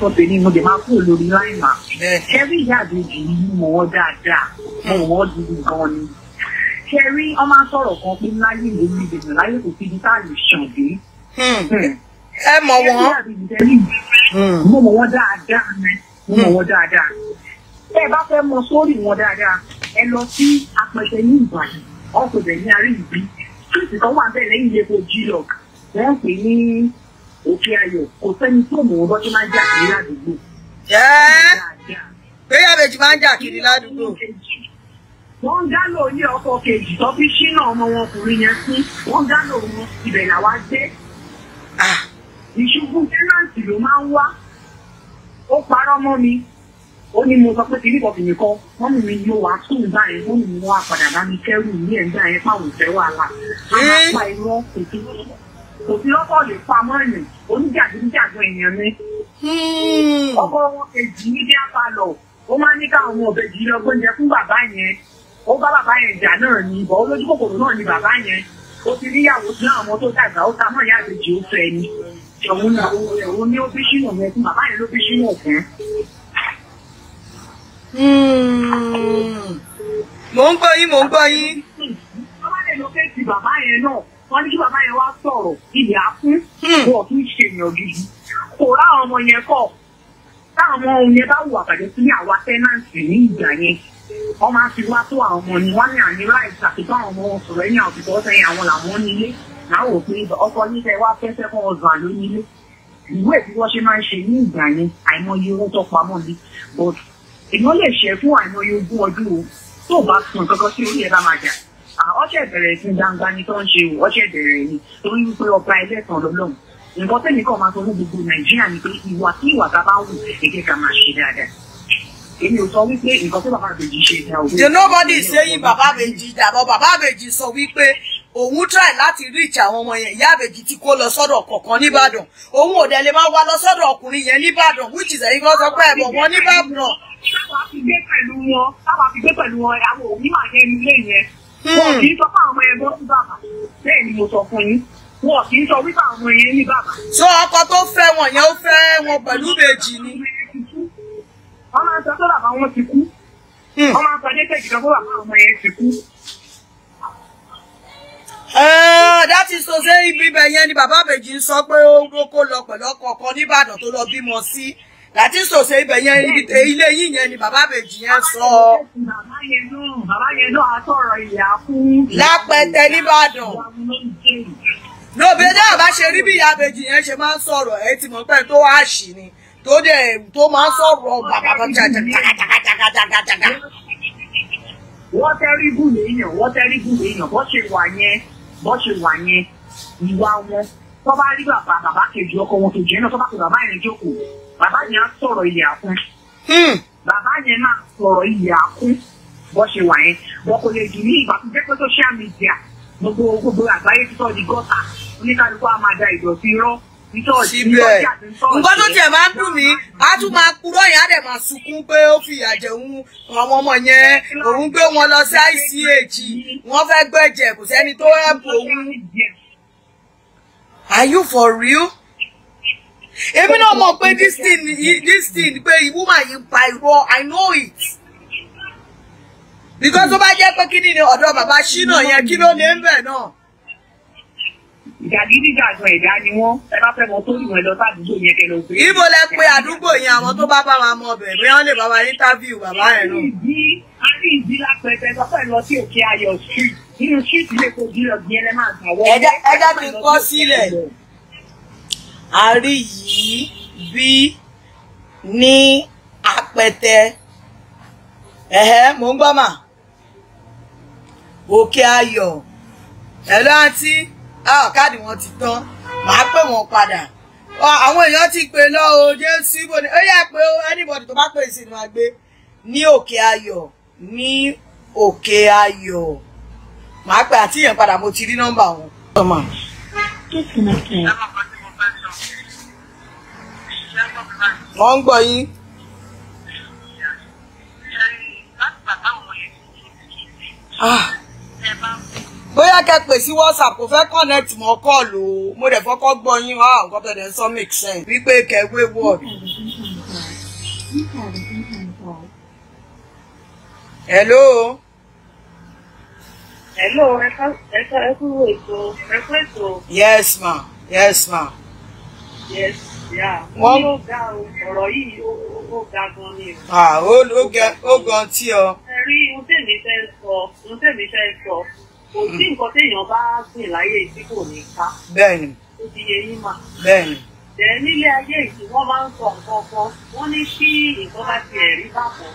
sọ tèmi mo dẹ̀ máa kúrò lórí láì mà ìyá àjèjì yìí mo wọ́ dáadáa mo wọ́ gidi gan ni ṣẹ́rí ọmọ sọ̀rọ̀ kan pé láyé ìlú mi dènà láyé kò sí ibi lè ṣàn dé hmm. Hmm. ẹ mọ̀ wọ́n hmm. mo mọ̀ wọ́n dáadáa mo mọ̀ wọ́n dáadáa ẹ bá fẹ́ mọ sórí wọn dáadáa ẹ lọ sí apẹtẹ ní Ìbàdàn ọkùnrin ní àárín ìbí fíìsì kan wà bẹ́ẹ̀ lẹ́yìn ilé epo G-Log wọ́n pè ní òkè ayọ̀ kò sẹ́ni tó mọ̀ bọ́ tó máa ń jà kiri ládùúgbò. péyà méjì máa ń jà kiri ládùúgbò. wọ́n ń dálò ní ọkọ̀ kejì tó fi ṣínà ọmọ wọn ọkùnrin yẹn sí wọ́n ń dálò wọn ibẹ̀ làwa dé. ìṣubú tẹ́nàǹtì ló máa ń wá ó parọ́ mọ́ mi ó ní mo sọ pé kìíní bọ̀ kìíní kan wọ́n mú mi yóò wá sùn báyìí wọ́n mú mi wá padà bá mi kẹ́rù ní ẹ̀ńdà yẹn fáwọn ìfẹ́ wàhálà. a máa pa irọ́ kò tó òfin ọkọ lè pamọ́ hmm. ẹ̀yìn oníjàgídíjàgbọ̀n èèyàn ni. ọkọ wọn kejì ní bí apalọ ó máa ní káwọn ọmọ ọbẹjì lọ gbóúnjẹ fún bàbá yẹn ó bá bàbá yẹn jà náà ní ìbọn olójú kòkòrò náà ní bàbá yẹn ó ti níyàwó sí àwọn tó dàgbà ó ta mọ́ ìyá àbèjì ó fẹ́ ni òun náà òun ní ó bí sínú yẹn fún bàbá yẹn ló bí sínú òkun. mò ń gbọ́ yín mò ń gbọ́ yín. bàbá ló fẹ́ bàbá yẹn náà wọ́n ní kí bàbá yẹn wá sọ̀rọ̀ ilẹ̀ á kún hmm. wọ́n kì ṣe èèyàn gidi kò ráwọn ọmọ yẹn kọ̀ táwọn ohun yẹn bá wù àbàjẹ́ sílé àwa tẹ́nàǹtì ní ìgbà yẹn wọ́n máa fi wá tó àwọn ọmọ ni wọ́n ní àní láì ṣàtúntò àwọn ọmọ wọn sọ̀rọ̀ ẹ̀yìn àwòtí tó sẹ́yìn àwọn làwọn nílé náà wò pé ọkọ nílé wá fẹ́fẹ́ fún ọ̀zọ̀ àlọ́ nílé ìwé tí wọ́n ṣe máa ń ṣe ní ìgbà yẹn àìmọye owó tó pamọ́ ni but èèyàn lè ṣe fún àìmọye ogún ọdún o tó o bá sùn kankan sí orí ẹ̀ bá máa jà ọṣẹ ah, bẹ̀rẹ̀ sí gbangba ni tó ń ṣe o ọṣẹ bẹ̀rẹ̀ ni torí wípé ọba ẹlẹ́sàn lọ́lọ́run nǹkan tẹ́mi kàn máa sọ fún gbogbo nàìjíríà ni pé ìwà kí ìwà tá bá wù èké ká máa ṣe dáadáa èmi ò sọ wípé nǹkan tó bàbá àbèjì ṣe dá òwe. the nobody saying Baba àbèjì dàbọ̀ bàbá àbèjì sọ wípé òun try láti reach àwọn ọmọ yẹn ìyá àbèjì tí kò lọ sọ́dọ̀ kọ̀ọ̀kan nìbàdàn òun ò dẹ̀ lè máa wá lọ sọ́dọ̀ ọkùnrin yẹn nìbàdàn which is ẹ̀yin kan sọ pé ẹ̀bọ̀ wọn nìbàdàn. táwa fi gbé pẹ̀lú wọn táwa fi gbé pẹ̀lú wọn àwọn òmíwà yẹn nílé yẹn Hmm. wọn kì í sọ fún àwọn ẹgbọn ní bàbá bẹ́ẹ̀ ni mo sọ fún yín wọn kì í sọ wípé àwọn yẹn ní bàbá. sọ ọkọ tó fẹ́ wọn yẹn ó fẹ́ wọn pẹ̀lú ìbejì ni. wọn máa ń sọ tó bàbá wọn ti kú hmm. wọn máa ń sọ dẹ́tẹ̀ jùlọ fún àwọn yẹn ti kú. Eh, that is to say ibi ibẹ̀ yẹn ni bàbá ìbejì ń sọ pé ó ń roko lọ pẹ̀lú ọkọ̀ kan nìbàdàn tó lọ bímọ sí. Si that is to say ibẹ̀ yẹn ilé yín a sọ̀rọ̀ ìyá fún. lápẹtẹ nìbàdàn. lóbi náà bá ṣe rí bí ìyá bèjì yẹn ṣe máa ń sọ̀rọ̀ ẹ ti mọ̀ pé tó wá ṣì ni tó dẹ̀ tó máa ń sọ̀rọ̀ bàbá kan jàgàjàgàjàgàjàgà. wọ́n tẹ́rí bù léèyàn wọ́n tẹ́rí bù léèyàn wà yẹn ìwà wọn tó bá rí bàbá bàbá kejì ọkọ wọn kejì yẹn náà tó bá pe bàbá yẹn jókòó bàbá yẹn sọ̀rọ̀ ìyà kún hmm. bàbá yẹn náà sọ̀rọ̀ ìyà kún bó ṣe wà yẹn wọn kò lè dùn ní ìgbà pé social media gbogbo gbogbo àgbáyé títọ́ di gọ́ta oníkálukú á máa da ìdọ̀tí irọ́ síbẹ̀ nǹkan tó tiẹ̀ máa ń dùn mí á tún máa purọ́ yẹn á máa sunkún pé ó fi ìyà jẹ àwọn ọmọ yẹn òun gbé wọn lọ sí ICH wọ́n fẹ́ gbẹ̀jẹ̀ kò sẹ́ni tó rẹ́pù òun. Are you for real? èmi náà mọ̀ pé this thing this thing pé woman yìí pa irọ́ i know it because tó bá jẹ́ pé kíní ni ọ̀dọ̀ bàbá ṣínà yẹn kí ló lè ń bẹ̀ náà. ìjàgídíjàgan ẹ̀dá ni wọ́n ẹ bá fẹ́ mọ tó ìwọ̀n ẹ lọ sádùúgbò yẹn kẹ lọ pé. ibo lẹ pé àdúgbò yẹn àwọn tó bá bá wa mọ ọbẹ̀ bí wọ́n lè bá wa interview bàbá ẹ̀ náà. a ní ìdí lápẹẹrẹ sọ pé lọ sí òkè ayọ̀ street nínú street ilé kojú ọ̀gbìn ẹ àárí yìí bí ní apẹtẹ ẹ̀hẹ́ mò ń gbọ́ mà òkè ayọ̀ ẹ̀lọ́ àǹtí káàdì wọn ti tán màá pè wọ́n padà àwọn èèyàn ti pè lọ o jésù ibo ni ó yà pé anybody tó bá pè sí ni wàá gbé ní òkè ayọ̀ ní òkè ayọ̀ màá pè àti yẹn padà mo ti rí nọ́mbà wọn wọ́n ń gbọ́ yín. Ah. bóyá kẹ pè sí whatsapp kò fẹ́ connect mọ́ kọ́ọ̀lù o mo dẹ̀ fọ́kọ́ gbọ́ yín wá ah, nǹkan tó dẹ̀ sọ make sense wípé kẹwé word. hello. hello ẹ̀ka ẹ̀ka ẹ̀kú ètò ẹ̀kú ètò. yes ma yes ma. yes wọ́n ọ̀rọ̀ yìí ó ga gan ni. Ah, ó gan tí ọ. ẹ rí ohun tèmi fẹ́ sọ ohun tèmi fẹ́ sọ kò sí hmm. nǹkan téèyàn bá gbìn láyé tí kò ní ká. bẹ́ẹ̀ni. ó ti yẹ yín mà. bẹ́ẹ̀ni. ẹ̀ nílé ayé ìsìn wọ́n máa ń sọ nǹkan kan wọ́n ní kí nǹkan bá ti ẹ̀rí bàbọ̀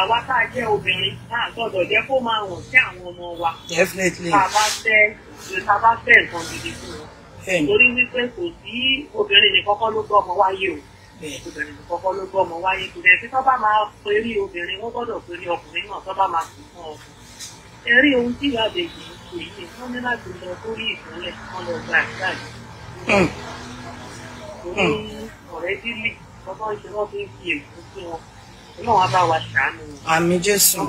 àwa tá a jẹ́ obìnrin náà gbọ́dọ̀ jẹ́ kó máa hàn sí àwọn ọmọ wa. definitely. tá a bá fẹ́ tá a bá fẹ́ nǹkan gidi fún wọn torí wípé kò sí obìnrin nìkan kọ́ ló gbọ́ ọmọ wáyé o obìnrin nìkan kọ́ ló gbọ́ ọmọ wáyé kò dẹ̀ sí tó máa perí obìnrin wọ́n gbọ́dọ̀ perí ọkùnrin náà tó máa sùn fún ọkùnrin ẹ̀rí ohun tí ìyá àbẹ̀jì ń ṣe yìí wọ́n ní láti lọ sórí ìpínlẹ̀ wọn lọ gba àṣà yìí hmm. Hmm. ọ̀rẹ́ dílì bàbá ìṣe wọn fi ń fi èkó sí wọn ọlọ́run á bá wa ṣàánú wọn àmín Jésù wọn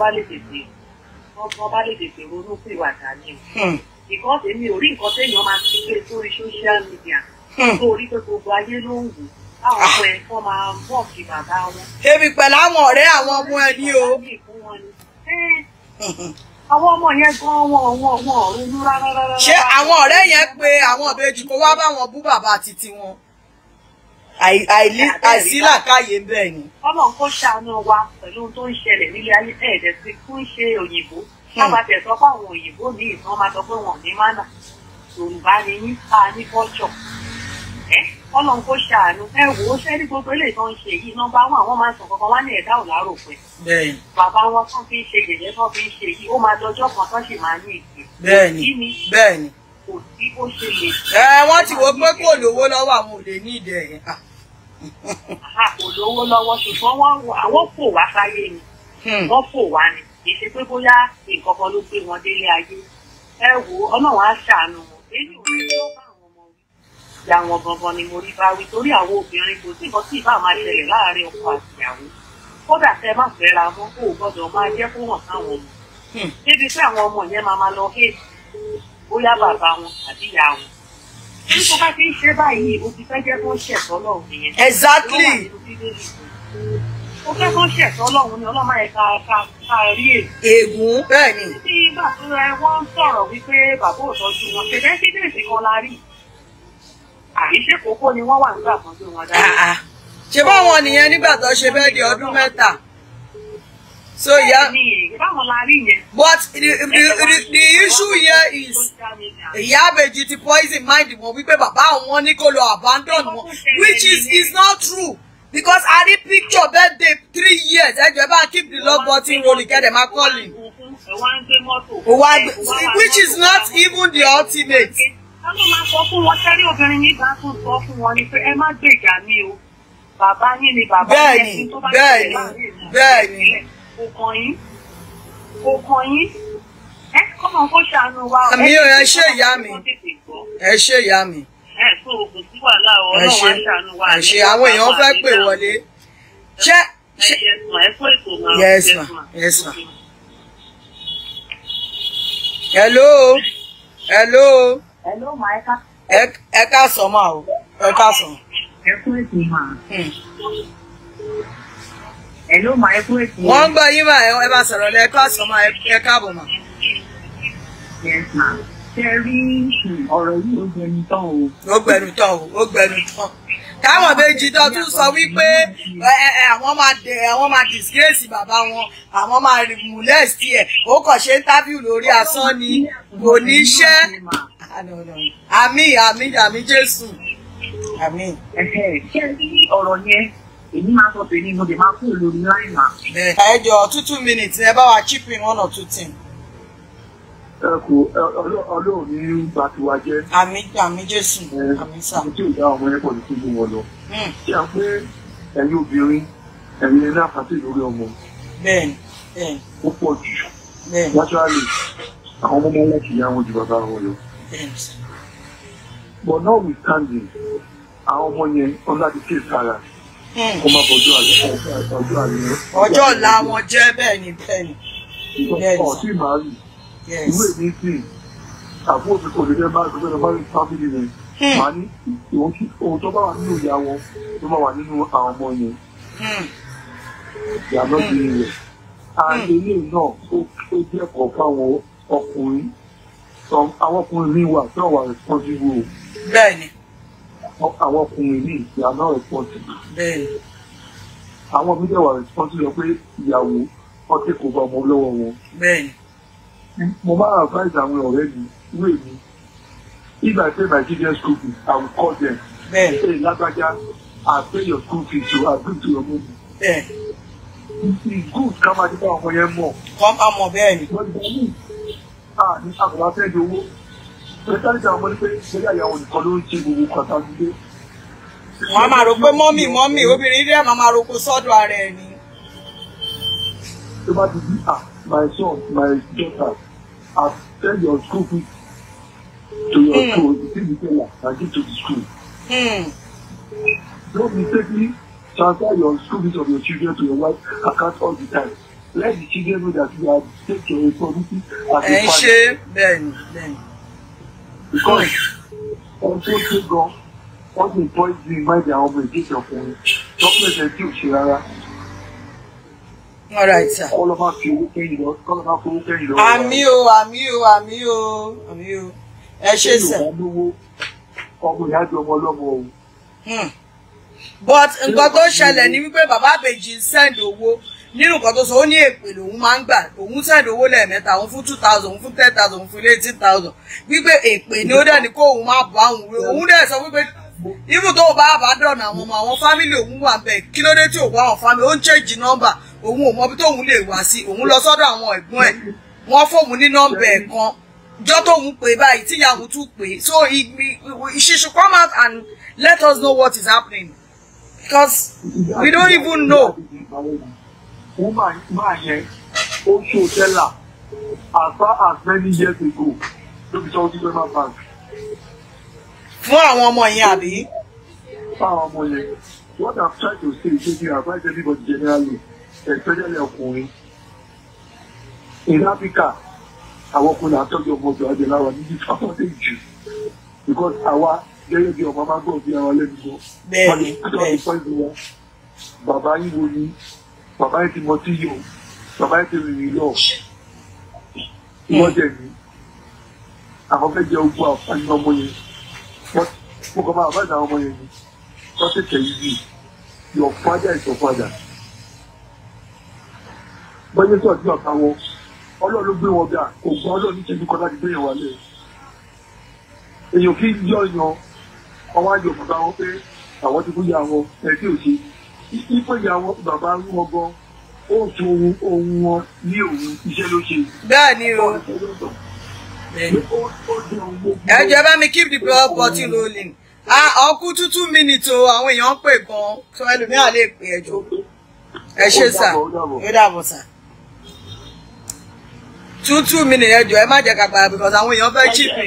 bá lè tètè ronú sí ìwà àdáni o. Hmm because èmi ò rí nǹkan téèyàn máa ti gbé sórí social media torí hmm. pé gbogbo ayé ló ń wò àwọn ah. ọmọ ẹ̀ máa bọ̀ kí bàbá wọn. èmi pẹ̀lú àwọn ọ̀rẹ́ àwọn ọmọ ẹ ní o. Eh. àwọn ọmọ yẹn gan wọn wọn wọn ronú rárá ṣé àwọn ọ̀rẹ́ yẹn pé àwọn ìbejì kó wá bá bú bàbá títí wọn àìsílàkàyè bẹ́ẹ̀ ni. ọmọ nǹkan ṣàánú wa pẹ̀lú ohun tó ń ṣẹlẹ̀ nílé ayé ẹ̀ẹ́dẹ̀sí fún ṣe òyìnbó sábà hmm. tẹ̀ sọ fáwọn òyìnbó ní ìtàn máa sọ pé wọn ní mánà yorùbá ni yín pa ní kọ́jọ̀ ẹ ọlọ́run kó ṣàánú ẹ wò ó ṣẹ́ ní gbogbo eléyìí tó ń ṣe yìí nọ́mbà wọn àwọn máa sọ kankan wá ní ẹ̀dá ò pẹ́ bàbá wọn tán fi ń ṣe gẹ̀gẹ́ tán fi ń ṣe yìí ó máa dọjọ́ kan tán sì máa ní ìgbé kò sí ó ṣe lè. ẹ wọ́n ti wo pé kò lówó lọ́wọ́ àwọn ò lè ní ìdẹ̀ yẹn. kò lówó lọ́wọ́ ṣùgbọ́n àwọn fò wá sáyé ni hmm. wọ́n fò wá ni kì í ṣe pé bóyá nǹkan kan ló gbé wọn délé ayé ẹ wò ó ọlọ́run á ṣàánú wọn èyí ò ní ló bá àwọn ọmọ wí ìyá wọn gangan ni mo rí bá wí torí àwọn obìnrin kò sí nǹkan tí ìbá máa ṣẹlẹ̀ láàárín ọkọ àti ìyàwó kódà tẹ má fẹ́ ra mọ́ kó o gbọ́dọ̀ máa jẹ́ kó hàn sáwọn ọmọ hmm. débi pé àwọn ọmọ yẹn máa máa lọ hẹ́ẹ̀tì bóyá bàbá wọn àbí ìyá wọn tí tó bá ti ń ṣe báyìí o ti fẹ́ jẹ́ kó ṣẹ̀tọ́ lọ́ọ̀ nìyẹn. exactly mo fẹ́ kán ṣe ẹ̀tọ́ ọlọ́run ni ọlọ́run máa ka ka ka rí èyí. ègún bẹ́ẹ̀ ni. títí bàbá ẹ wọ́n sọ̀rọ̀ wípé bàbá ò tọ́jú wọn ṣẹ̀fẹ́ sí bèèsì kan la rí. àìṣe kókó ni wọ́n wà nígbà tọ́jú wọn dáadáa. ṣé báwọn nìyẹn nígbà tó ṣe bẹ́ẹ̀ di ọdún mẹ́ta. so ya but the, the, the, issue here is ìyá àbèjì ti poison mind wọn wípé bàbá àwọn ní kó lọ abandon wọn which is is not true because I rí picture birthday three years ẹ jẹ́ bá keep the love button rolling kẹ́dẹ̀ máa call him. which is not even the ultimate. ká ló máa sọ fún wọn sẹ́rí obìnrin yìí bá tún sọ fún wọn ni pé ẹ má gbèjà mi o bàbá yín ni bàbá yín tó bá tẹ̀lé láàrin ìlú kò kàn yín kò kàn yín ẹ kọ́mọ kó ṣàánú wa. àmì ò ẹ ṣe ìyá mi ẹ ṣe ìyá mi tó o kò ẹ ṣe àwọn èèyàn fẹ́ pè wọlé. ṣé ṣé yes ma yes ma. hello hello. hello ma ẹ ká. sọ ma o ẹ ká sọ. ẹ kú ètò ma. Hmm. hello ma ẹ kú ètò. wọ́n gbọ́ yín mà ẹ bá sọ̀rọ̀ lẹ́ẹ̀ká sọ ma ẹ káàbọ̀ ma. yes ma ṣe rí ọ̀rọ̀ yìí ó gbẹnu tán o. ó gbẹnu tán o ó gbẹnu tán táwọn méjì tó tún sọ wípé àwọn máa dẹ àwọn máa disgrace bàbá wọn àwọn máa molest ẹ ó kàn ṣe interview lórí asán ni kò ní ṣe àmì àmì àmì Jésù àmì. ṣé rí ọ̀rọ̀ yẹn èmi máa sọ pé ní mo lè máa kúrò lórí láìmà. ẹ jọ two two minutes ẹ bá wa chip in one or two things ẹ kò ọlọ́run ní ń ba tiwa jẹ́. àmì àmì jésù àmì sà. ẹni tí ò dá ọmọ yẹn pọ̀ ní túbú wọn lọ. Hmm. ṣé à ń pé ẹ̀yin obìnrin ẹ̀yin ẹ̀rọ àpàtì lórí ọmọ. bẹ́ẹ̀ni bẹ́ẹ̀ni. ó pọ̀ jù. bẹ́ẹ̀ni wáṣọ́ọ̀lì àwọn ọmọ ọmọ kì í yá wọn ju bàbá wọn lọ. but notwithstanding àwọn ọmọ yẹn ọlọ́dún kì í sára kó má bọjọ́ àlẹ́ ọjọ́ àlẹ́. ọjọ́ ọ̀la wọn jẹ́ bẹ́ẹ̀ ni bẹ́ẹ̀ ni ìwé mi sì àbúrò mi kò lè fẹ́ bá àgbẹ̀ lọ́ba ní fámìlì rẹ̀ hmm. màá ní ohun tó bá wà nínú ìyá wọn ló máa wà nínú àwọn ọmọ yẹn hmm. ìyá náà bí rẹ̀ àti hmm. ilé náà ó jẹ́ ẹ̀kọ́ fáwọn ọkùnrin àwọn ọkùnrin mi wà tí wọ́n wà responsible. bẹ́ẹ̀ni. àwọn ọkùnrin mi ìyá náà responsible. bẹ́ẹ̀ni. àwọn mi dẹ̀ wà responsible pé ìyàwó ọtí kò bá ọmọ lọ́wọ́ wọn. bẹ́ẹ̀ni mo máa advise àwọn ọ̀rẹ́ mi wé mi if I pay my children school fees I will call them say lágbájá I pay your school fees so I bring to your mom. it's good ká máa dípá ọmọ yẹn mọ̀. wọ́n máa mọ̀ bẹ́ẹ̀ ni. wọ́n ti mú ah ní àkùnrin afẹ́ di owó pẹ̀lú àwọn ọmọ ní pé bóyá ìyàwó nìkan ló ń ṣe gbogbo kàtà nílé. wọ́n á máa rò pé mọ́mì mọ́mì obìnrin rẹ̀ máa máa roko sọ́dọ̀ ara ẹ̀ ni. tó bá ti di ah my son my daughter I've send your school fees to your mm. school, the same teller, and give to the school. Mm. Don't mistakenly transfer your school fees of your children to your wife account all the time. Let the children know that you are take your responsibility as a father. Then, then. Because also take God, what employees remind their own against your phone. Doctors and teachers, kọ́lọ́fà fi owó kẹ́yìn lọ kọ́lọ́fà fi owó kẹ́yìn lọ. àmì o you o àmì o àmì o ẹ ṣe sẹ. ọmọ ìyá jọ ọmọ ọlọ́mọ o. Hmm. but nǹkan tó ṣẹlẹ̀ ni wípé bàbá àbèjì ń send owó nínú nǹkan tó sọ ó ní èpè lòun máa ń gbà òun send owó lẹ́ẹ̀mẹ́ta òun fún two thousand òun fún ten thousand òun fún eighteen thousand wípé èpè ni ó dẹ̀ ní kó òun máa bá òun wé òun dẹ̀ sọ wípé even tó o bá bá dọ̀nà àwọn ọmọ àwọn fámìlì òun wà bẹ́ẹ̀ kí ló dé tí òun wá àwọn fámìlì ó ń change number òun ò mọbi tóun lè wá sí òun lọ sọ́dọ̀ àwọn ẹ̀gbọ́n ẹ̀ wọ́n fóun ní nọ́mbà kan jọ́ tóun pè báyìí tíyàwó tún pè so she should come out and let us know what is happening because we don't even know. máa yẹ ó ṣó tẹ́lá as far as many years ago ló fi sọ ó ti fẹ́ máa bá a. fún àwọn ọmọ yẹn àbí. fún àwọn ọmọ yẹn what i'm trying to say is say you advise everybody generally especially ọkùnrin in Africa àwọn ọkùnrin àtọ́jú ọmọ ọjọ́ ajé lára ní ìfàkọ́tẹ̀ jù because àwa gẹ́gẹ́ bí ọmọ máa gbọ́ bí ara lẹ́nu lọ wọ́n ti tọ́ ìlú wọn bàbá yìí wo ni bàbá yìí ti mọ sí yòó bàbá yìí ti rìnrìn lọ wọ́n dẹ̀ ní àwọn fẹ́ jẹ ogún àǹfààní ọmọ yẹn wọ́n kọ́ máa bá àwọn ọmọ yẹn ni wọ́n tètè yìí your father is your father bọ́yé sọ̀dí ọ̀tá wọn ọlọ́run ló gbé wọn ga kò gbọ́ ọlọ́run ní ṣẹ́jú kọ́lá dídé yẹn wálé èèyàn kì í yọ yan ọwọ́ àjò bàbá wọn pé àwọn ti kú ya wọn ẹ̀dí òsì ipò ìyá wọn bàbá wọn gan ó tu ohun ohun wọn ní òun iṣẹ́ ló ṣe. bẹ́ẹ̀ ni o ẹ jẹ́ bá mi keep the blood bottle rolling ọkú tútù mínítì o àwọn èèyàn ń pè gan-an tó ẹlòmíràn lè pè ẹjọ́ ẹ ṣe sà ó dàbọ̀ sà. Two two minutes. Do ẹ má jẹ kàgbà because àwọn èèyàn fẹ́ chip me.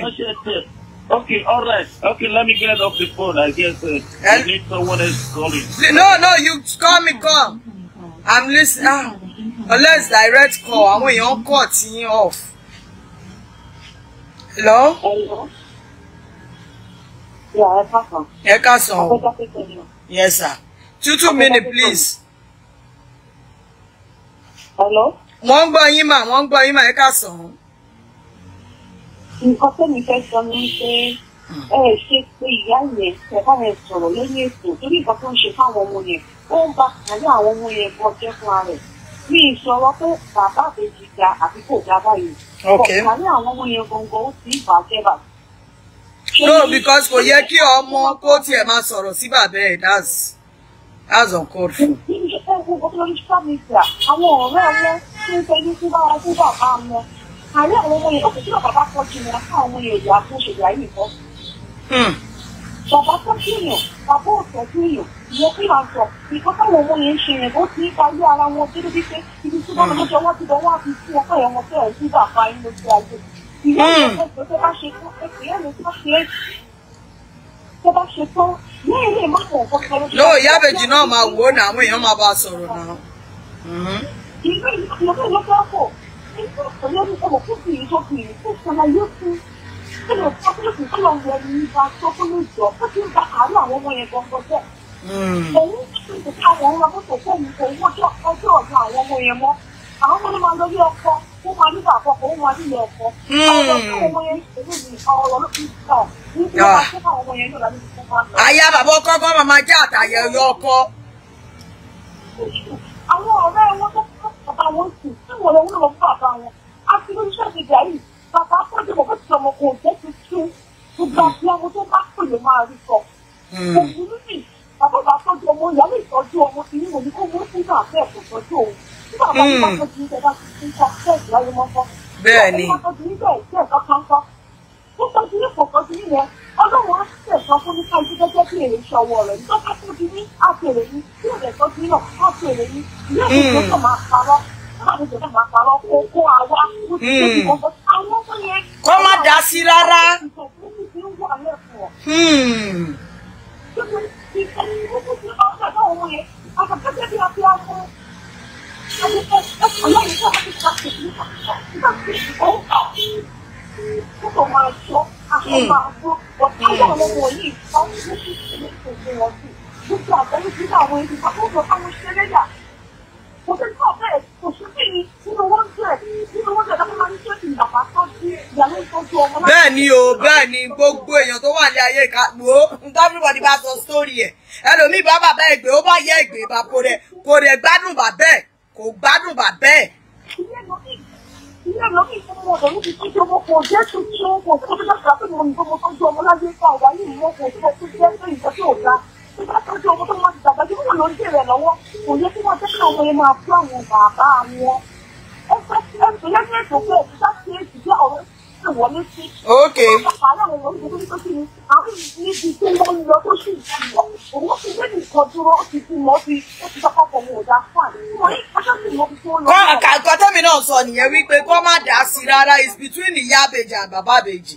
Okay, all right. Okay, let me get off the phone. I guess uh, I need someone else calling. No, no, you call me, call. I'm listening. Ah, unless direct call. I'm èèyàn call tí yín off. Hello? Hello? Yeah, I can't sàn. Ẹ ká sàn Yes, sir. Two, two minutes, please. Hello? wọ́n ń gbọ́ yín mà wọ́n ń gbọ́ yín mà ẹ ká sàn án. nǹkan tó mi fẹ́ sọ ni pé ẹ ṣe pé ìyá yẹn ẹ yẹn sọ̀rọ̀ lẹ́yìn ètò torí nǹkan tó ń ṣe fáwọn ọmọ yẹn ó ń bá kàlẹ́ àwọn ọmọ yẹn bọ́ jẹ́ rẹ̀ mi ìṣọ̀rọ̀ pé bàbá àbèjì ga àbí kò ga báyìí kọ̀ọ̀kàlẹ́ àwọn ọmọ yẹn gangan ó ti ń bàjẹ́ bàjẹ́ no because kò yẹ kí ọmọ kó tiẹ̀ máa sọ̀rọ̀ sí bàbá ẹ̀ that's that's uncalled for. àwọn ọ̀rẹ́ ọ̀rẹ́ 是飞机失败了是报案呢？还是我们有不知道爸爸过去呢？看我们有家不是来以后，嗯，爸爸过去有，爸爸过去有。我非常说，你看看我们年轻人，我自己搞下来，我这个这些，你们知道那么久，我知道我自己，我发现我这人知道反应都出来就，你看我昨天把学生，不要你他学，他把学生，你也没骂我，我可能。那我也不知道嘛，我哪会要嘛把说了呢？嗯。一个一个那个家伙，你不承认我不是你说你不什么意思？这个他不是这种人，你把说不能说，不听他喊了，我们也光说这。嗯。从就是他人了，不是说你从我叫他叫他，我们也么，然后他妈的要哭，我妈就咋哭，我妈就要哭。嗯。我们也不是你哦，我们不知道，你不要说话，我们也就来你说话。哎呀，爸爸，刚刚妈妈叫他要要哭。àwọn wọn sì tí wọn lọ wọn lọ fún bàbá wọn àti lórí iṣẹ́ ìdíjà yìí bàbá pàdé mọ̀ fẹ́ẹ́ tọmọ kò jẹ́ ti tú gbogbo àti ọmọ tó bá pè ló máa rí sọ. Hmm. òkúrú nì bàbá bá tọ́jú ọmọ ìyàwó ìtọ́jú ọmọ ti ní òní kó wọ́n fún bàbá ẹ̀ kò tọ́jú òun tí bàbá bá hmm. tọ́jú ní ìjọba ti fi ta fẹ́ẹ̀sì láyé mọ́kọ́. bẹ́ẹ̀ ni bàbá tọ́jú níbẹ̀ ìṣẹ́ ẹ̀kọ́ kankan tó tọ́jú ní kò tọ́jú nílẹ̀ ọlọ́run á sì ẹ̀sán fún ní káyọ̀ gẹ́gẹ́ bí èrè iṣẹ́ ọwọ́ tó tọ́jú ní àpèrè ní tí ò kó má dá sí rárá. Hmm. hmm. 我是报废，我是对于十五万岁，十五万岁他们蛮尊敬的嘛，他是两位都说。bẹ́ẹ̀ ni o bẹ́ẹ̀ ni gbogbo èèyàn tó wà ní ayé ká wo everybody bá sọ sórí ẹ̀ ẹlòmíì bá bàbá ẹgbẹ́ ó bá yẹ ẹgbẹ́ bá kó rẹ̀ kó rẹ̀ gbádùn bàbá ẹ̀ kò gbádùn bàbá ẹ̀. ilé lókì ilé lókì fún mi ọ̀dọ̀ níbi tí ọmọ kò jẹ́ tuntun kò tó bí wọ́n ti rà pé ní kó mo tọ́jú ọmọ láyé fún àwáyé ìmọ̀ kò tó tó jẹ́ pé ìtọ́jú ò ìgbà tọ́jú ọmọ tó wọ́n ti dàgbà tí wọ́n lọ ń bèrè lọ́wọ́ kò yẹ kí wọ́n jẹ́ ọmọ yẹn máa fún àwọn bàbá wọn. ẹ fẹ́ kí ẹ fi lẹ́yìn ètò pé òkúta ṣe é ti ọ̀rọ̀ ṣe wọlé sí. ok. àwọn ọmọ ìdílé tó ti ní àwọn níbi tí wọ́n lọ tó sì ń lọ òun ti lé nìkan dúró ti fi mọ́ bí ó ti sọ́kọ́ pọ̀ wọn ò dá fún àná. kọ́ tẹ́mi náà sọ nìyẹn wípé kó má dá sí rárá is between ìyá àbèjì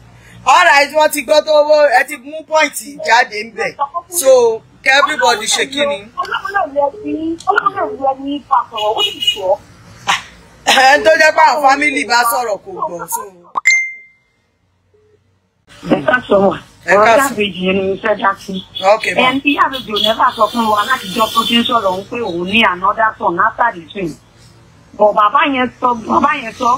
alright wọ́n ti gbọ́ tó owó ẹ ti mú pọ́ìntì jáde ń bẹ̀ so kẹ́ everybody ṣe kí ni. Ah, ẹ tó jẹ́ pé àwọn fámìlì bá sọ̀rọ̀ kò gbọ́ so. ẹ ká sọ wà ọ̀rọ̀ kábíyèjì ni iṣẹ́ já sí. ẹn tí àbèjì ò nẹ́fà sọ fún wa láti jọ tó ti ń sọ̀rọ̀ ń pé òun ní another son after the twin. bọ̀ bàbá yẹn sọ bàbá yẹn sọ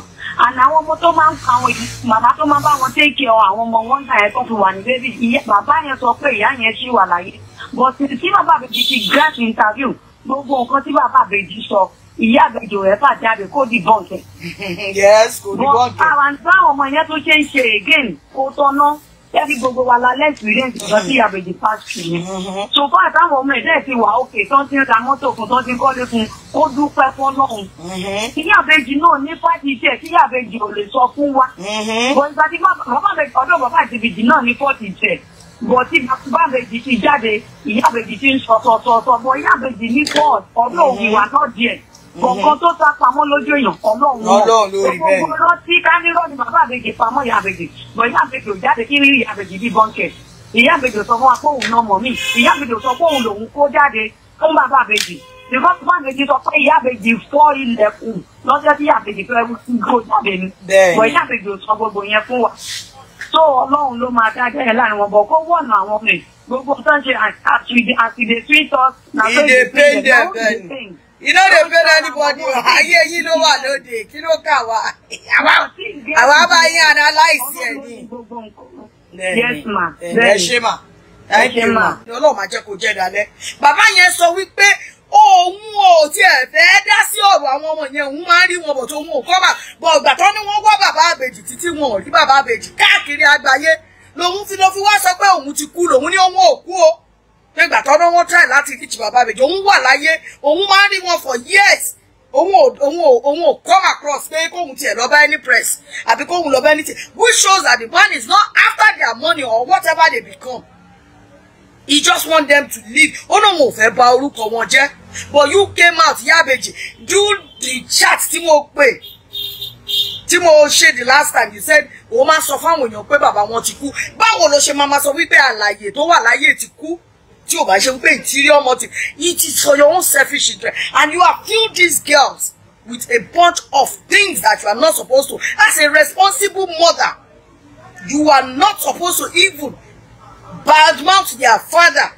àná àwọn ọmọ tó máa ń ka àwọn màmá tó máa bá wọn tẹ́kẹ̀ ọ àwọn ọmọ wọn gbà yẹn tó fi wà ní bébì bàbá yẹn sọ pé ìyá yẹn ṣì wà láyé but tí bàbá àbèjì ti grant interview gbogbo nǹkan tí bàbá àbèjì sọ ìyá àbèjì rẹ̀ fà jáde kó di bọ̀ǹkẹ̀. yes kò di bọ̀ǹkẹ̀. àwọn ọmọ yẹn tó ṣe ń ṣe again kó tọ́ná ẹbí gbogbo wa la lẹ́sìrìlẹ́sì lọ sí àbèjì pàṣẹ yẹn. so fún àtàwọn ọmọ ẹ̀dá ẹ̀sìn wà ókè tó ń ti ń ra mọ́tò fún tó ń ti kọ́lé fún kó dúpẹ́ fọ́lọ́hún. ìyá àbèjì náà ní pàtì tiẹ̀ tí ìyá àbèjì ò lè sọ fún wa. Mm-hmm. bọ̀ ìgbà tí bàbá àbèjì ọ̀dọ̀ bàbá àtìbìjì náà ní pọ́ọ̀tì tiẹ̀ bọ̀ tí bàbá àbèjì ti jáde ìyá àbèjì ti ń sọ sọ̀tọ̀ọ̀tọ̀ bọ̀ ìyá àbèjì ní pọ́ọ̀t kọ̀ọ̀kan tó ta pamọ́ lójú èèyàn kan lọ́hùn ún ọlọ́run lórí bẹ́ẹ̀ ni gbogbo ni bàbá àbèjì pamọ́ ìyá àbèjì bọ̀ ìyá àbèjì ò jáde kí ìyá àbèjì bí bọ́ńkẹ̀ ìyá àbèjì sọ fún wa pé òun náà mọ̀ mí ìyá àbèjì sọ pé òun lòun kó jáde fún bàbá àbèjì because bàbá àbèjì sọ pé ìyá àbèjì fọ́ ilẹ̀kùn lọ́jọ́ tí ìyá àbèjì fẹ́ kó jáde ni bọ̀ ìyá àbèjì sọ gbogbo yẹn fún wa so ọlọ́run ló máa dájọ́ yẹn láàrin wọn bọ̀ kó wọ̀nà àwọn ọmọ ẹ̀ gbogbo tó ń ṣe as sweet us na so we dey pain them. You no dey fail anybody. Ayé yín ló wà lóde. Kí ló kà wá? Àwa bá yín analyze ẹ̀ ni. Yes ma. Ẹ ṣé ma. Ẹ ṣé ma. Ọlọ́run máa jẹ́ kó jẹ́ dalẹ́. Bàbá yẹn sọ wípé òun ò tiẹ̀ fẹ́ dá sí ọ̀rọ̀ àwọn ọmọ yẹn òun máa ń rí wọn bọ̀ tó wọn ò kọ́ bà bọ̀ ìgbà tán ni wọ́n wá bàbá àbèjì títí wọn ò rí bàbá àbèjì káàkiri àgbáyé lòun fi lọ fi wá so pé òun ti kú lòun ní òun ò kú o nígbà tọ́nà wọn tẹ̀ láti reach bàbá ìbejì òun wà láyé òun máa ń rí wọn for years òun ò òun ò òun ò come across pé kóun tiẹ̀ lọ bá any press àbí kóun lọ bá anything which shows that the man is not after their money or whatever they become he just want them to live ó náà wọn ò fẹ́ bà orúkọ wọn jẹ́ but you came out yabeji do the chat tí mo pè tí mo ṣe the last time you said o máa sọ fáwọn èèyàn pé bàbá wọn ti kú báwo ló ṣe máa ma sọ wípé àlàyé tó wà láyé ti kú tí ò bá ṣe wípé interior motive it is for your own selfish interest and you have filled these girls with a bunch of things that you are not supposed to as a responsible mother you are not supposed to even badmouth their father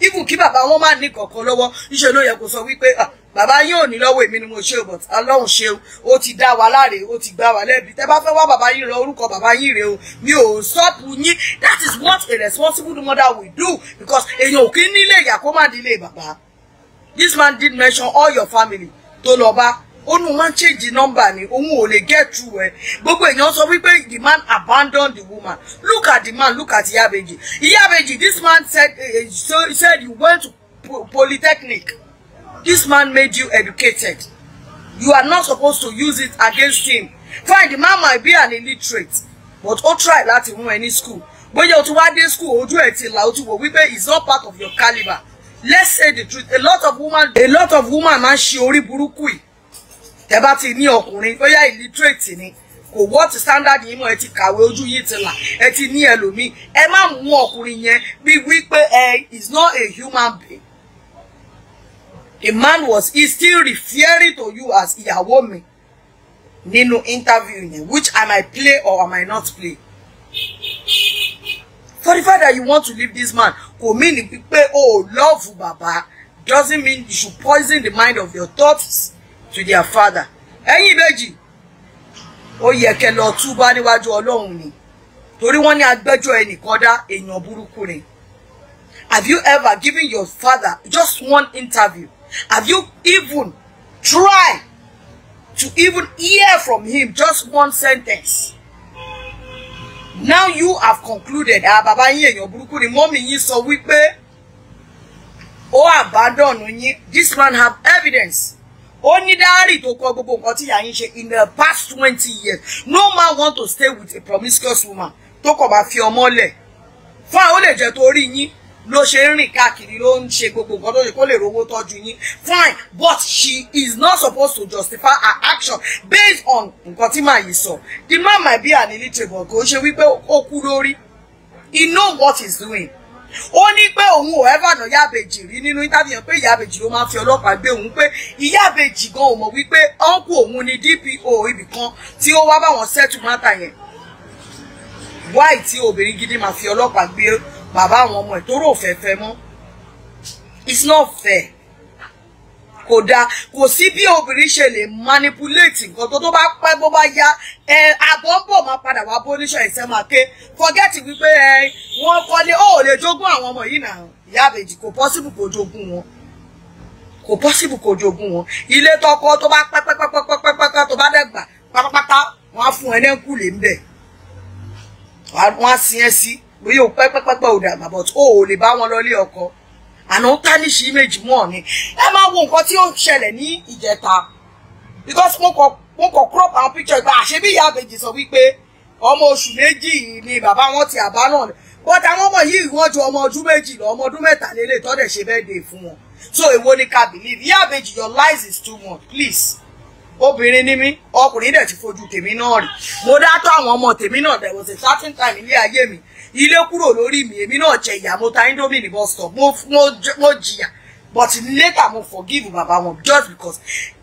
even kí bàbá wọn má ní kankan lọ́wọ́ níṣẹ́ ló yẹ kó sọ wípé ah bàbá yín ò ní lọ́wọ́ èmi ni mo ṣe but ọlọ́run ṣeun ó ti dá wa láre ó ti gbá wa lẹ́bi tẹ́ bá fẹ́ wá bàbá yín lọ orúkọ bàbá yín rèé o mi ò sọ́ọ̀pù yín that is what a responsible mother will do because èèyàn ò kí nílé ìyá kó má dílé bàbá this man did mention all your family tó lọ bá ó nù máa ń change number ni òun ò lè get through ẹ gbogbo èèyàn sọ wípé the man abandoned the woman look at the man look at Iyabeji Iyabeji this man said, uh, so, said you went to polytechnic This man made you educated. You are not supposed to use it against him. Fine, the man might be an illiterate, but ó try láti mú any school. But you to wá dé school, ojú do it in o tún wò wípé it's not part of your caliber. Let's say the truth. A lot of women, a lot of women man she ṣe orí burúkú yìí. Tẹ́ bá ti ní illiterate ni kò what standard yìí eti kawe, ti kàwé ojú yìí ti là ẹ ti ní ẹlòmíì ẹ má mú ọkùnrin yẹn is eh, not a human being the man was he still referring to you as ìyàwó mi nínú interview yẹn which I might play or I might not play for the fact that you want to leave this man kò mean ni pé o love baba doesn't mean you should poison the mind of your thoughts to their father ẹ̀yin ìbejì ó yẹ kẹ́ lọ túbá níwájú Ọlọ́run ni torí wọ́n ní agbẹ́jọ́ ẹnìkan dá èèyàn ni have you ever given your father just one interview Have you even tried to even hear from him just one sentence? Now you have concluded, ah, bàbá yín mommy yín sọ wípé abandon This man have evidence. Ó ní diary tó kọ gbogbo nǹkan in the past 20 years. No man want to stay with a promiscuous woman. Tó kọ̀ bá fi ọmọ lẹ̀. Fún àwọn ló ṣe rìn káàkiri ló ń ṣe gbogbo nǹkan tó kó lè rówó tọ́jú yín fine but she is not supposed to justify her action based on nǹkan tí màá yìí sọ the man might be an illiterate but kò ṣe wípé ó kú lórí he know what he's doing ó ní pé òun ò ẹ́fà náà yábèjì rí nínú interview yẹn pé ìyábèjì ló máa ń fi ọlọ́pàá gbé òun pé ìyábèjì gan ò mọ̀ wípé ọ́nkù òun ni DPO ibìkan tí ó wá báwọn settle matter yẹn wáì tí obìnrin gidi máa fi ọlọ́pàá gbé bàbá àwọn ọmọ ẹ̀ tó mọ́ it's not fair kò dáa kò sí bí obìnrin ṣe lè manipulate nǹkan tó tó bá pẹ́ bó bá yá ẹ àbọ̀ máa padà wá bó oníṣẹ́ ìṣẹ́ forget wípé ẹ wọ́n kọ́ ni ó lè jogún àwọn ọmọ yìí náà ìyá àbèjì kò possible kò jogún wọn kò possible kò jogún wọn ilé tọkọ tó bá pẹ́pẹ́pẹ́pẹ́pẹ́pẹ́ tó bá dẹ̀gbà pátápátá wọ́n á fún ẹ ní kùlé ńbẹ̀ wọ́n á sin ẹ sí bóyá o pẹ́pẹ́pẹ́pẹ́ ò dàgbà but o ò lè bá wọn lọlé ọkọ àná tánìṣì méjì wọn ni ẹ máa wo nǹkan tí ó ṣẹlẹ̀ ní ìjẹta because mo kọ mo crop and picture ìgbà àṣebí ìyá àbèjì sọ wípé ọmọ oṣù méjì ni bàbá wọn ti àbá náà but àwọn ọmọ yìí wọ́n ju ọmọ ọdún méjì lọ ọmọ ọdún mẹ́ta lélẹ̀ tọ́dẹ̀ ṣe bẹ́ẹ̀ dé fún wọn so èwo ni ká believe ìyá àbèjì your lies is too much please obìnrin ni mí ọkùnrin dẹ̀ ti fojú tèmi náà rí mo dá tó àwọn ọmọ tèmi náà there was a certain time ilé ayé mi ilé kúrò lórí mi èmi náà jẹ ìyà mo ta indomie ní bus stop mo mo jìyà but later mo forgive bàbá wọn just because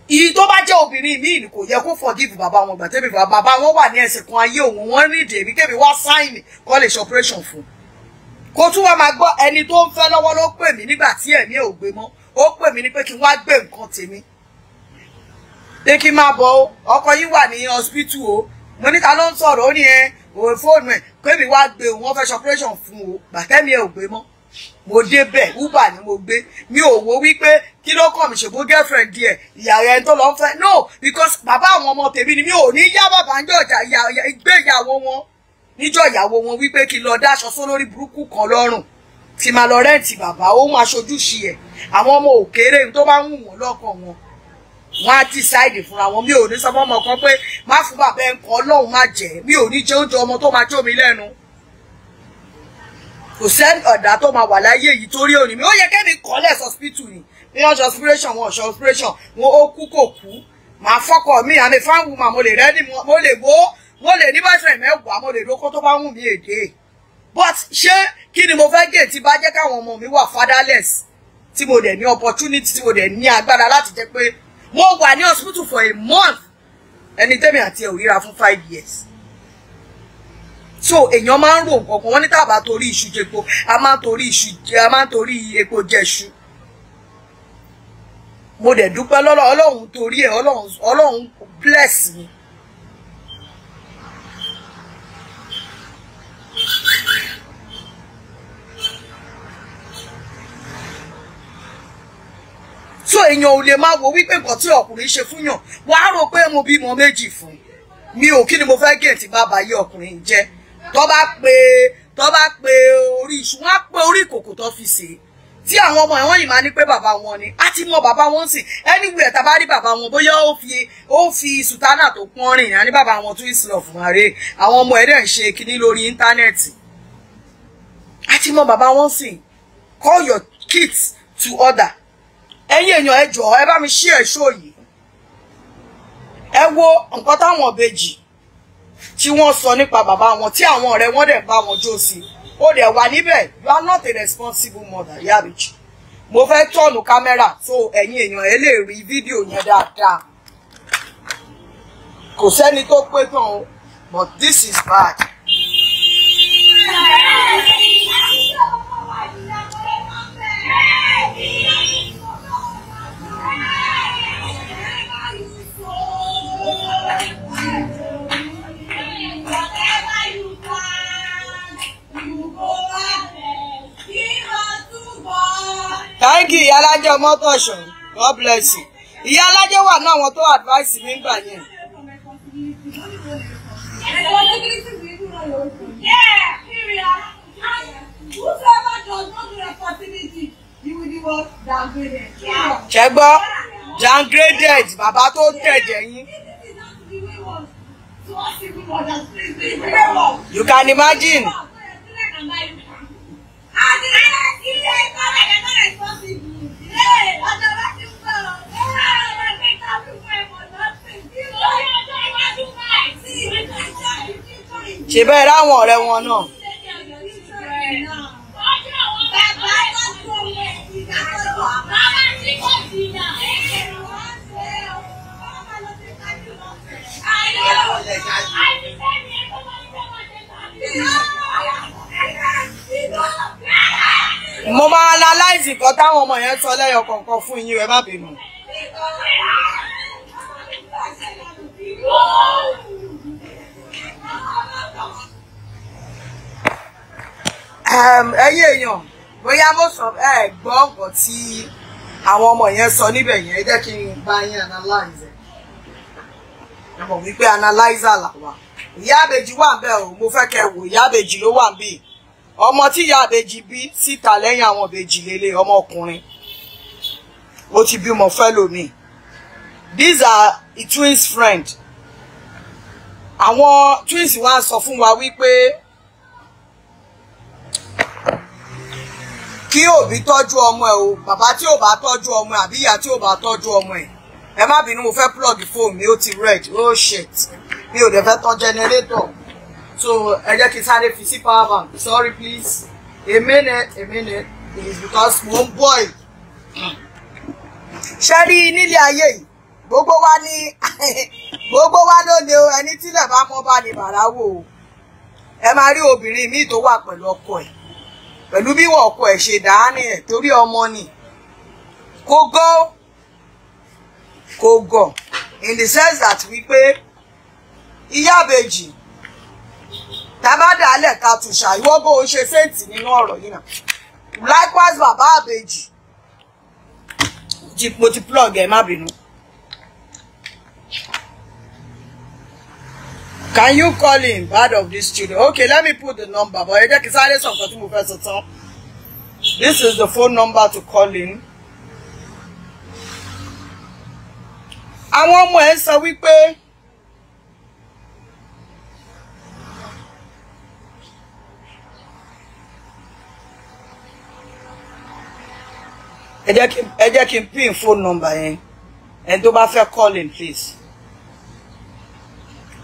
ìyí tó bá jẹ́ obìnrin míì ni kò yẹ kó forgive bàbá wọn gbà tẹ́bi bàbá wọn wà ní ẹsẹ̀ kan ayé òun wọ́n ní ìdèmí kẹ́mi wá sáìnì college operation fún kó tún wá máa gbọ́ ẹni tó ń fẹ́ lọ́wọ́ ló pè mí nígbà tí ẹ̀mí ò gbé mọ́ ó pè mí ní pé kí n wá gbé nǹkan tèmi pé kí n máa bọ̀ ọkọ yìí wà ní hospital o mo ní ta ló ń sọ̀rọ̀ ó ní ẹ òwe fóònù ẹ̀ pé mi wá gbé wọn fẹ́ ṣọpẹ́rẹ́ṣọ̀n fún o bàtẹ́mi ẹ̀ ò gbé mọ́ mo débẹ̀ uber ni mo gbé mi ò wo wípé kí ló kàn mí ṣègbó girlfriend díẹ̀ ìyàwó ẹni tó lọ ń fẹ́ no because bàbá àwọn ọmọ tèmi ni mi ò ní yá bàbá ń jọjà gbé ìyàwó wọn níjọ́ ìyàwó wọn wípé kí lọ dáṣọ sólórí burúkú kan lọ́rùn tí máa lọ rẹ́ǹtì bàbá ó máa ṣojúṣe ẹ̀ àwọn ọmọ òkèèrè tó bá ń wù wọ́n lọ́kàn wọn wọn á decide fúnra wọn mi ò ní sọ fọmọ kan pé má fún bàbá ẹ nǹkan ọlọ́run má jẹ mi ò ní jẹ oúnjẹ ọmọ tó máa jó mi lẹ́nu kò sẹ́ni ọ̀dà tó máa wà láyé yìí torí òní mi ó yẹ kẹ́mi kọ́lẹ̀ sọ́spítù ni bí wọ́n sọ́spiration wọn sọ́spiration wọn ó kú kò kú màá fọ́kọ̀ mi àmì fáwọn wùmà mo lè rẹ́ni mo lè wo mo lè ní bàtìrẹ̀ mẹ́wàá mo lè dókó tó bá wù mí èdè but ṣé kí ni mo fẹ́ gé tí bá jẹ́ káwọn ọmọ mi wà fatherless tí mo dẹ̀ ní opportunity tí mo dẹ̀ ní agbára láti jẹ́ pé mo wà ní hospital for a month ẹni tẹ́mi àti ẹ̀ ò ríra fún five years so èèyàn máa ń rò nǹkan wọn ní tá a bá torí iṣu jẹpo a máa torí iṣu jẹ a máa torí epo jẹṣu mo dẹ̀ dúpẹ́ lọ́lọ́ ọlọ́run torí ẹ̀ ọlọ́run bless mi so èèyàn ò lè máa wo wípé nǹkan tí ọkùnrin ṣe fún yàn wàá rò pé mo bímọ méjì fún mi ò kí ni mo fẹ́ gé tí bàbá yé ọkùnrin jẹ́ tó bá pe tó bá pe orí iṣu wọn á pe orí ìkòkò tó fi sè é tí àwọn ọmọ ẹ̀wọ̀n yìí máa ní pé bàbá wọn ni a ti mọ bàbá wọn sì anywhere tá a bá rí bàbá wọn bóyá ó fi ó fi sùtánà tó pọ́n rìn ní bàbá wọn tún ìsìlọ̀ fún ààrẹ àwọn ọmọ ẹ̀rẹ́ ń ṣe kinní lórí íńtánẹ́ẹ̀tì a ti mọ bàbá wọn sì call your kids to order ẹ̀yin èèyàn ẹ jọ̀ọ́ ẹ bá mi ṣí ẹṣọ yìí ẹ wo nǹkan táwọn ìbejì tí wọ́n sọ nípa bàbá wọn tí àwọn ọ̀rẹ́ wọn dẹ̀ bá wọn jó sí ó dẹ̀ wà níbẹ̀ you are not a responsible mother yabichi mo fẹ́ tọ́ọ̀nù kámẹ́rà so ẹ̀yin èèyàn ẹ lè rí fídíò yẹn dáadáa kò sẹ́ni tó pé tán o but this is bad. thank you ìyá alájọ mọ́tọ̀ṣọ́ god bless you ìyá alájọ wà náà wọn advice mi gbà yẹn. Yeah, period. And whosoever does not do will be what? Downgraded. Yeah. Check back downgraded bàbá tó you can imagine. ṣe bẹ́ẹ̀ ráwọn ọ̀rẹ́ wọn náà. Yeah. mo máa analyze nǹkan táwọn ọmọ yẹn sọ lẹ́yọ kọ̀ọ̀kan fún yín ẹ má bínú. ẹ̀yin èèyàn bóyá mo sọ ẹ gbọ́ nǹkan tí àwọn ọmọ yẹn sọ níbẹ̀ yẹn ẹ jẹ́ kí n bá yín analyze ẹ̀ mọ̀ wípé analyzer làwà ìyá àbèjì wà ń bẹ̀ o mo fẹ́ kẹ́ wò ìyá àbèjì ló wà bíi ọmọ tí ìyá àbèjì bí síta lẹ́yìn àwọn àbèjì lélẹ̀ ọmọkùnrin ó ti bímọ fẹ́lòmí these are the twins friend àwọn twins wa sọ fún wa wípé kí òbí tọ́jú ọmọ ẹ̀ o bàbá tí ò bá tọ́jú ọmọ ẹ̀ àbí ìyá tí ò bá tọ́jú ọmọ ẹ̀ ẹ má bínú mo fẹ́ plug fóònù mi ó ti red oh shit mi ò dẹ̀ fẹ́ tán jẹnẹrétọ̀ so ẹ jẹ́ kí n sáré fi sí power bank sorry please a minute a minute It is because mo ń bọ̀ yìí. ṣé rí nílé ayé yìí gbogbo wa ní gbogbo wa ló lè ẹni tílẹ̀ bá mọ́ bá ní bàrà wò ẹ máa rí obìnrin míì tó wà pẹ̀lú ọkọ ẹ̀ pẹ̀lú bí wọn ọkọ ẹ̀ ṣe dání ẹ̀ torí ọmọ ni kò gọ́ kò gọ̀ in the sense that wípé ìyá àbèjì tábà dálẹ̀ ká tùṣà ìwọ bó o ṣe fẹ́ǹtì nínú ọ̀rọ̀ yìí náà likewise bàbá àbèjì mo ti plug ẹ má bínú. Can you call him part of this studio? Okay, let me put the number. But ẹ jẹ́ kí sáré sọ nǹkan tí mo fẹ́ sọ tán. This is the phone number to call in. Àwọn ọmọ ẹ sọ wípé. ẹ jẹ́ kí n pin phone number yẹn ẹni tó bá fẹ́ call please.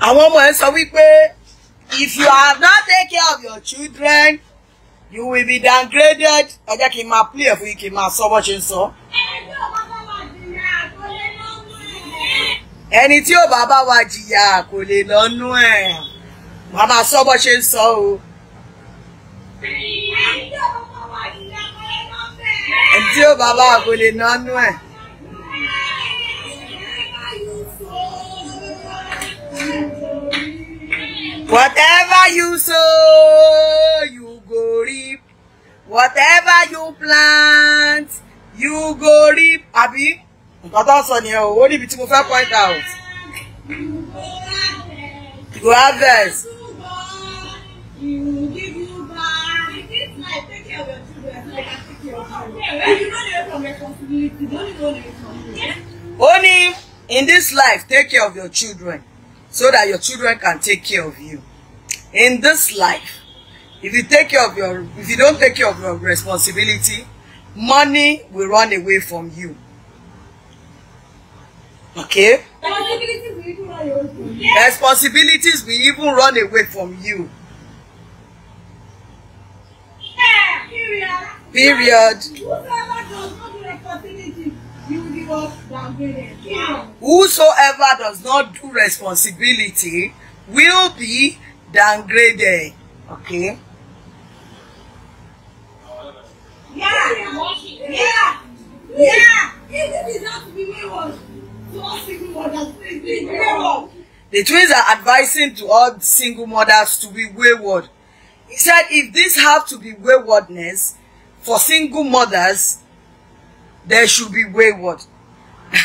àwọn ọmọ ẹ sọ wípé if you have not take care of your children you will be downgraded ẹ jẹ́ kí n máa play ẹ̀ fún yín kí n máa sọ bó ṣe ń sọ. ẹni tí ò bá wa jìyà kò lè lọ́nú ẹ̀ wàá máa sọ bó ṣe ń sọ o tí ó bàbá kò nánú ẹ̀. Whatever you sow, you go reap. Whatever you plant, you go reap. Àbí nǹkan tó sọ nìyẹn o, ó níbi tí mo fẹ́ point out. You harvest. Only in this life, take care of your children so that your children can take care of you. In this life, if you take care of your, if you don't take care of your responsibility, money will run away from you. Okay? Responsibilities will even run away from you. Period. Whosoever does not do responsibility will be downgraded. Okay? Yeah! Yeah! Yeah! If it is not to be wayward, to all single mothers, please be The twins are advising to all single mothers to be wayward. He said, if this have to be waywardness, for single mothers, there should be wayward.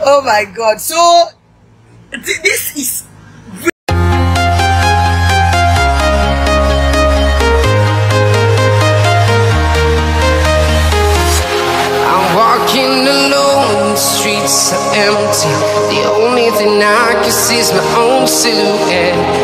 oh my God. So, th this is empty. The only thing I can see is my own silhouette.